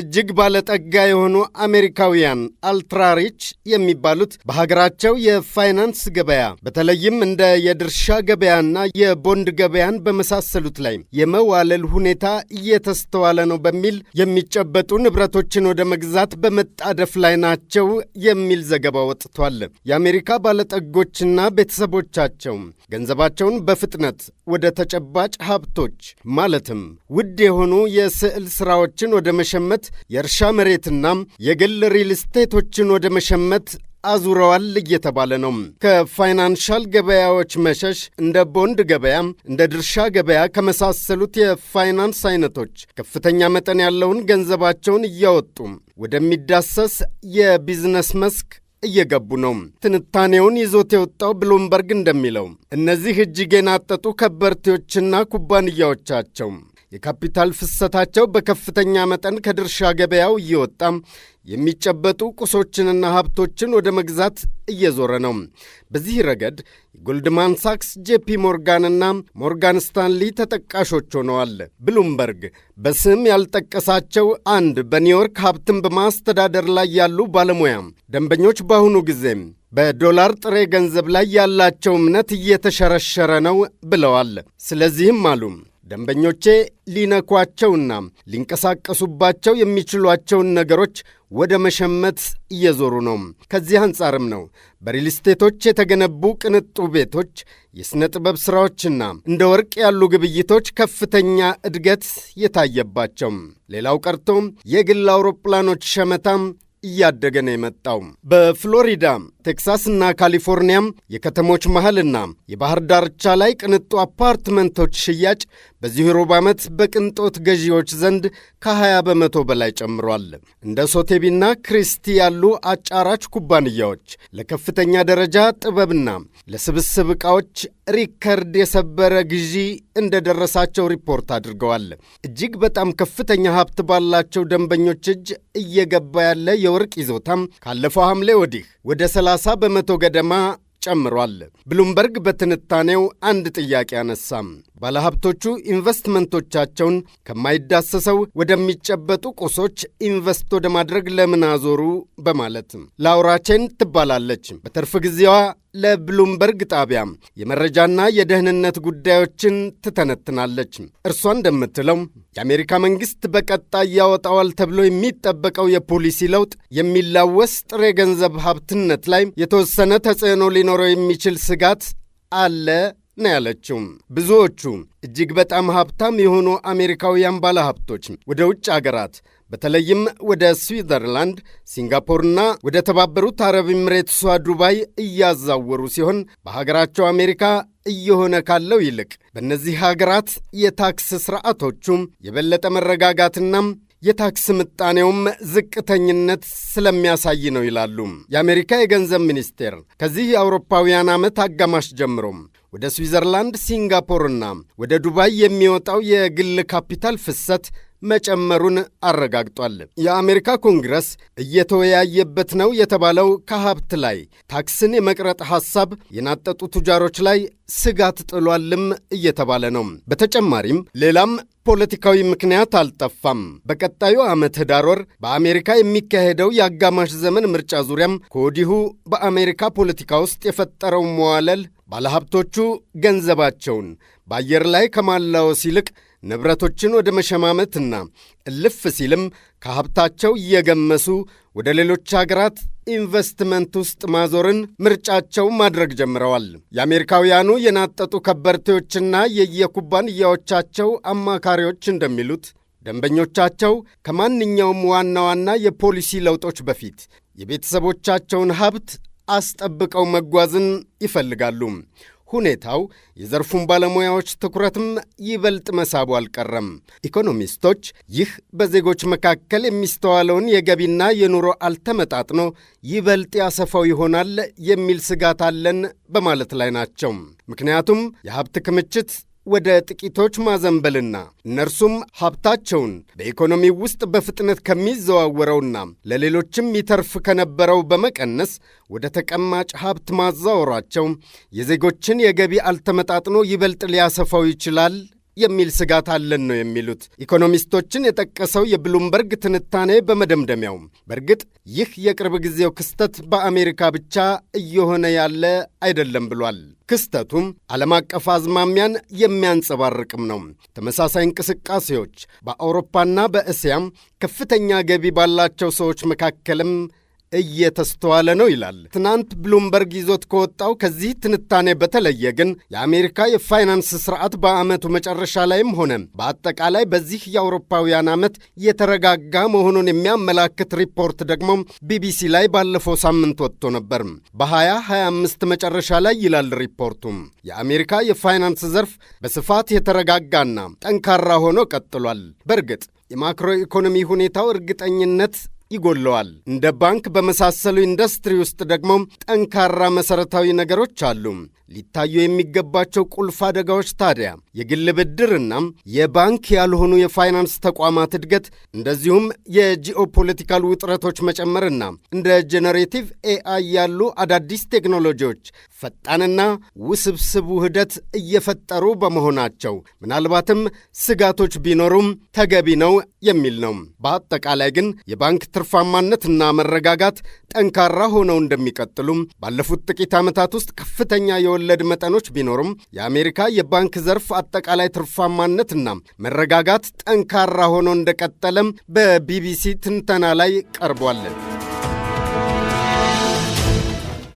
እጅግ ባለጠጋ የሆኑ አሜሪካውያን አልትራሪች የሚባሉት በሀገራቸው የፋይናንስ ገበያ በተለይም እንደ የድርሻ ገበያና የቦንድ ገበያን በመሳሰሉት ላይ የመዋለል ሁኔታ እየተስተዋለ ነው በሚል የሚጨበጡ ንብረቶችን ወደ መግዛት በመጣደፍ ላይ ናቸው የሚል ዘገባ ወጥቷል። የአሜሪካ ባለጠጎችና ቤተሰቦቻቸው ገንዘባቸውን በፍጥነት ወደ ተጨባጭ ሀብቶች ማለትም ውድ የሆኑ የስዕል ሥራዎችን ወደ መሸመት፣ የእርሻ መሬትና የግል ሪል ስቴቶችን ወደ መሸመት አዙረዋል እየተባለ ነው። ከፋይናንሻል ገበያዎች መሸሽ እንደ ቦንድ ገበያ፣ እንደ ድርሻ ገበያ ከመሳሰሉት የፋይናንስ አይነቶች ከፍተኛ መጠን ያለውን ገንዘባቸውን እያወጡ ወደሚዳሰስ የቢዝነስ መስክ እየገቡ ነው። ትንታኔውን ይዞት የወጣው ብሉምበርግ እንደሚለው እነዚህ እጅግ የናጠጡ ከበርቴዎችና ኩባንያዎቻቸው የካፒታል ፍሰታቸው በከፍተኛ መጠን ከድርሻ ገበያው እየወጣም የሚጨበጡ ቁሶችንና ሀብቶችን ወደ መግዛት እየዞረ ነው። በዚህ ረገድ የጎልድማን ሳክስ፣ ጄፒ ሞርጋንና ሞርጋን ስታንሊ ተጠቃሾች ሆነዋል። ብሉምበርግ በስም ያልጠቀሳቸው አንድ በኒውዮርክ ሀብትን በማስተዳደር ላይ ያሉ ባለሙያ ደንበኞች በአሁኑ ጊዜ በዶላር ጥሬ ገንዘብ ላይ ያላቸው እምነት እየተሸረሸረ ነው ብለዋል። ስለዚህም አሉ ደንበኞቼ ሊነኳቸውና ሊንቀሳቀሱባቸው የሚችሏቸውን ነገሮች ወደ መሸመት እየዞሩ ነው። ከዚህ አንጻርም ነው በሪል ስቴቶች የተገነቡ ቅንጡ ቤቶች፣ የሥነ ጥበብ ሥራዎችና እንደ ወርቅ ያሉ ግብይቶች ከፍተኛ እድገት የታየባቸው። ሌላው ቀርቶም የግል አውሮፕላኖች ሸመታም እያደገ ነው የመጣው። በፍሎሪዳ ቴክሳስና ካሊፎርኒያም የከተሞች መሀልና የባህር ዳርቻ ላይ ቅንጡ አፓርትመንቶች ሽያጭ በዚህ ሩብ ዓመት በቅንጦት ገዢዎች ዘንድ ከ20 በመቶ በላይ ጨምሯል። እንደ ሶቴቢና ክሪስቲ ያሉ አጫራች ኩባንያዎች ለከፍተኛ ደረጃ ጥበብና ለስብስብ ዕቃዎች ሪከርድ የሰበረ ግዢ እንደደረሳቸው ሪፖርት አድርገዋል። እጅግ በጣም ከፍተኛ ሀብት ባላቸው ደንበኞች እጅ እየገባ ያለ የወርቅ ይዞታም ካለፈው ሐምሌ ወዲህ ወደ 30 በመቶ ገደማ ጨምሯል። ብሉምበርግ በትንታኔው አንድ ጥያቄ አነሳም። ባለሀብቶቹ ኢንቨስትመንቶቻቸውን ከማይዳሰሰው ወደሚጨበጡ ቁሶች ኢንቨስት ወደ ማድረግ ለምን አዞሩ በማለት ቼን ትባላለች። በትርፍ ጊዜዋ ለብሉምበርግ ጣቢያ የመረጃና የደህንነት ጉዳዮችን ትተነትናለች። እርሷ እንደምትለው የአሜሪካ መንግሥት በቀጣይ ያወጣዋል ተብሎ የሚጠበቀው የፖሊሲ ለውጥ የሚላወስ ጥሬ ገንዘብ ሀብትነት ላይ የተወሰነ ተጽዕኖ ሊኖረው የሚችል ስጋት አለ ነው ያለችው። ብዙዎቹ እጅግ በጣም ሀብታም የሆኑ አሜሪካውያን ባለሀብቶች ወደ ውጭ አገራት በተለይም ወደ ስዊዘርላንድ፣ ሲንጋፖርና ወደ ተባበሩት አረብ ኤምሬትሷ ዱባይ እያዛወሩ ሲሆን በሀገራቸው አሜሪካ እየሆነ ካለው ይልቅ በእነዚህ ሀገራት የታክስ ሥርዓቶቹም የበለጠ መረጋጋትና የታክስ ምጣኔውም ዝቅተኝነት ስለሚያሳይ ነው ይላሉ። የአሜሪካ የገንዘብ ሚኒስቴር ከዚህ የአውሮፓውያን ዓመት አጋማሽ ጀምሮም ወደ ስዊዘርላንድ፣ ሲንጋፖርና ወደ ዱባይ የሚወጣው የግል ካፒታል ፍሰት መጨመሩን አረጋግጧል። የአሜሪካ ኮንግረስ እየተወያየበት ነው የተባለው ከሀብት ላይ ታክስን የመቅረጥ ሐሳብ የናጠጡ ቱጃሮች ላይ ስጋት ጥሏልም እየተባለ ነው። በተጨማሪም ሌላም ፖለቲካዊ ምክንያት አልጠፋም። በቀጣዩ ዓመት ህዳር ወር በአሜሪካ የሚካሄደው የአጋማሽ ዘመን ምርጫ ዙሪያም ከወዲሁ በአሜሪካ ፖለቲካ ውስጥ የፈጠረው መዋለል ባለሀብቶቹ ገንዘባቸውን በአየር ላይ ከማላወስ ይልቅ ንብረቶችን ወደ መሸማመትና እልፍ ሲልም ከሀብታቸው እየገመሱ ወደ ሌሎች አገራት ኢንቨስትመንት ውስጥ ማዞርን ምርጫቸው ማድረግ ጀምረዋል። የአሜሪካውያኑ የናጠጡ ከበርቴዎችና የየኩባንያዎቻቸው አማካሪዎች እንደሚሉት ደንበኞቻቸው ከማንኛውም ዋና ዋና የፖሊሲ ለውጦች በፊት የቤተሰቦቻቸውን ሀብት አስጠብቀው መጓዝን ይፈልጋሉ። ሁኔታው የዘርፉን ባለሙያዎች ትኩረትም ይበልጥ መሳቡ አልቀረም። ኢኮኖሚስቶች ይህ በዜጎች መካከል የሚስተዋለውን የገቢና የኑሮ አልተመጣጥኖ ይበልጥ ያሰፋው ይሆናል የሚል ስጋት አለን በማለት ላይ ናቸው። ምክንያቱም የሀብት ክምችት ወደ ጥቂቶች ማዘንበልና እነርሱም ሀብታቸውን በኢኮኖሚ ውስጥ በፍጥነት ከሚዘዋወረውና ለሌሎችም ይተርፍ ከነበረው በመቀነስ ወደ ተቀማጭ ሀብት ማዛወሯቸው የዜጎችን የገቢ አልተመጣጥኖ ይበልጥ ሊያሰፋው ይችላል የሚል ስጋት አለን ነው የሚሉት ኢኮኖሚስቶችን የጠቀሰው የብሉምበርግ ትንታኔ በመደምደሚያው በእርግጥ ይህ የቅርብ ጊዜው ክስተት በአሜሪካ ብቻ እየሆነ ያለ አይደለም ብሏል። ክስተቱም ዓለም አቀፍ አዝማሚያን የሚያንጸባርቅም ነው። ተመሳሳይ እንቅስቃሴዎች በአውሮፓና በእስያም ከፍተኛ ገቢ ባላቸው ሰዎች መካከልም እየተስተዋለ ነው ይላል። ትናንት ብሉምበርግ ይዞት ከወጣው ከዚህ ትንታኔ በተለየ ግን የአሜሪካ የፋይናንስ ስርዓት በዓመቱ መጨረሻ ላይም ሆነ በአጠቃላይ በዚህ የአውሮፓውያን ዓመት የተረጋጋ መሆኑን የሚያመላክት ሪፖርት ደግሞ ቢቢሲ ላይ ባለፈው ሳምንት ወጥቶ ነበር። በ2025 መጨረሻ ላይ ይላል ሪፖርቱም የአሜሪካ የፋይናንስ ዘርፍ በስፋት የተረጋጋና ጠንካራ ሆኖ ቀጥሏል። በእርግጥ የማክሮ ኢኮኖሚ ሁኔታው እርግጠኝነት ይጎለዋል። እንደ ባንክ በመሳሰሉ ኢንዱስትሪ ውስጥ ደግሞ ጠንካራ መሠረታዊ ነገሮች አሉ። ሊታዩ የሚገባቸው ቁልፍ አደጋዎች ታዲያ የግል ብድርና የባንክ ያልሆኑ የፋይናንስ ተቋማት እድገት፣ እንደዚሁም የጂኦፖለቲካል ውጥረቶች መጨመርና እንደ ጄኔሬቲቭ ኤአይ ያሉ አዳዲስ ቴክኖሎጂዎች ፈጣንና ውስብስብ ውህደት እየፈጠሩ በመሆናቸው ምናልባትም ስጋቶች ቢኖሩም ተገቢ ነው የሚል ነው። በአጠቃላይ ግን የባንክ ትርፋማነትና መረጋጋት ጠንካራ ሆነው እንደሚቀጥሉም ባለፉት ጥቂት ዓመታት ውስጥ ከፍተኛ የወለድ መጠኖች ቢኖሩም የአሜሪካ የባንክ ዘርፍ አጠቃላይ ትርፋማነትና መረጋጋት ጠንካራ ሆኖ እንደቀጠለም በቢቢሲ ትንተና ላይ ቀርቧለን